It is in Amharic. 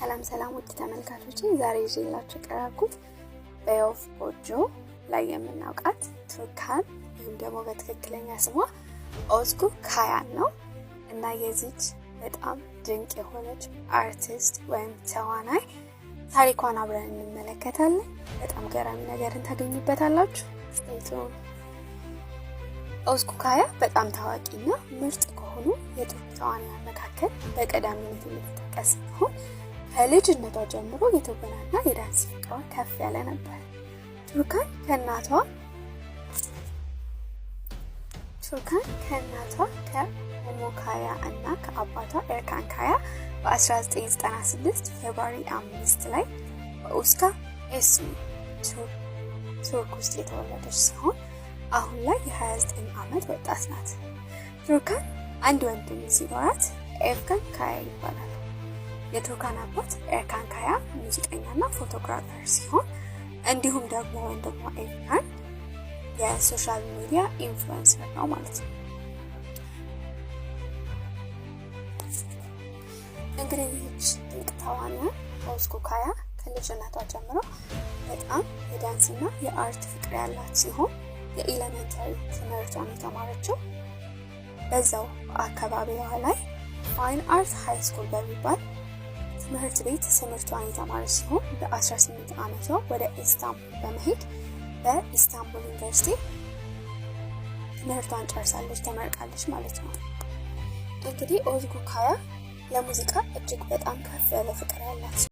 ሰላም ሰላም ውድ ተመልካቾች፣ ዛሬ ይዤላችሁ የቀረብኩት በየወፍ ጎጆ ላይ የምናውቃት ቱርካን ወይም ደግሞ በትክክለኛ ስሟ ኦዝጉ ካያን ነው እና የዚች በጣም ድንቅ የሆነች አርቲስት ወይም ተዋናይ ታሪኳን አብረን እንመለከታለን። በጣም ገራሚ ነገርን ታገኙበታላችሁ። ኦዝጉ ካያ በጣም ታዋቂና ምርጥ ከሆኑ የቱርክ ተዋናያን መካከል በቀዳሚነት የምትጠቀስ ሲሆን ከልጅነቷ ጀምሮ የትወናና የዳንስ ፍቅሯ ከፍ ያለ ነበር። ቱርካን ከእናቷ ቱርካን ከእናቷ ከሞካያ እና ከአባቷ ኤርካን ካያ በ1996 ፌብሪ አምስት ላይ በኡስካ ኤስሚ ቱርክ ውስጥ የተወለደች ሲሆን አሁን ላይ የ29 ዓመት ወጣት ናት። ቱርካን አንድ ወንድም ሲኖራት ኤርካን ካያ ይባላል። የቱርካን አባት ኤርካን ካያ ሙዚቀኛና ፎቶግራፈር ሲሆን እንዲሁም ደግሞ ወንድሟ ኤርካን የሶሻል ሚዲያ ኢንፍሉንሰር ነው ማለት ነው። እንግዲህ ድንቅ ተዋናይ ኦዝጎ ካያ ከልጅነቷ ጀምሮ በጣም የዳንስና የአርት ፍቅር ያላት ሲሆን የኤሌመንታሪ ትምህርቷን የተማረችው በዛው አካባቢዋ ላይ ፋይን አርት ሃይ ስኩል በሚባል ትምህርት ቤት ትምህርቷን የተማረች ሲሆን በ18 ዓመቷ ወደ ኢስታንቡል በመሄድ በኢስታንቡል ዩኒቨርሲቲ ትምህርቷን ጨርሳለች፣ ተመርቃለች ማለት ነው። እንግዲህ ኦዝጉካያ ለሙዚቃ እጅግ በጣም ከፍ ያለ ፍቅር ያላት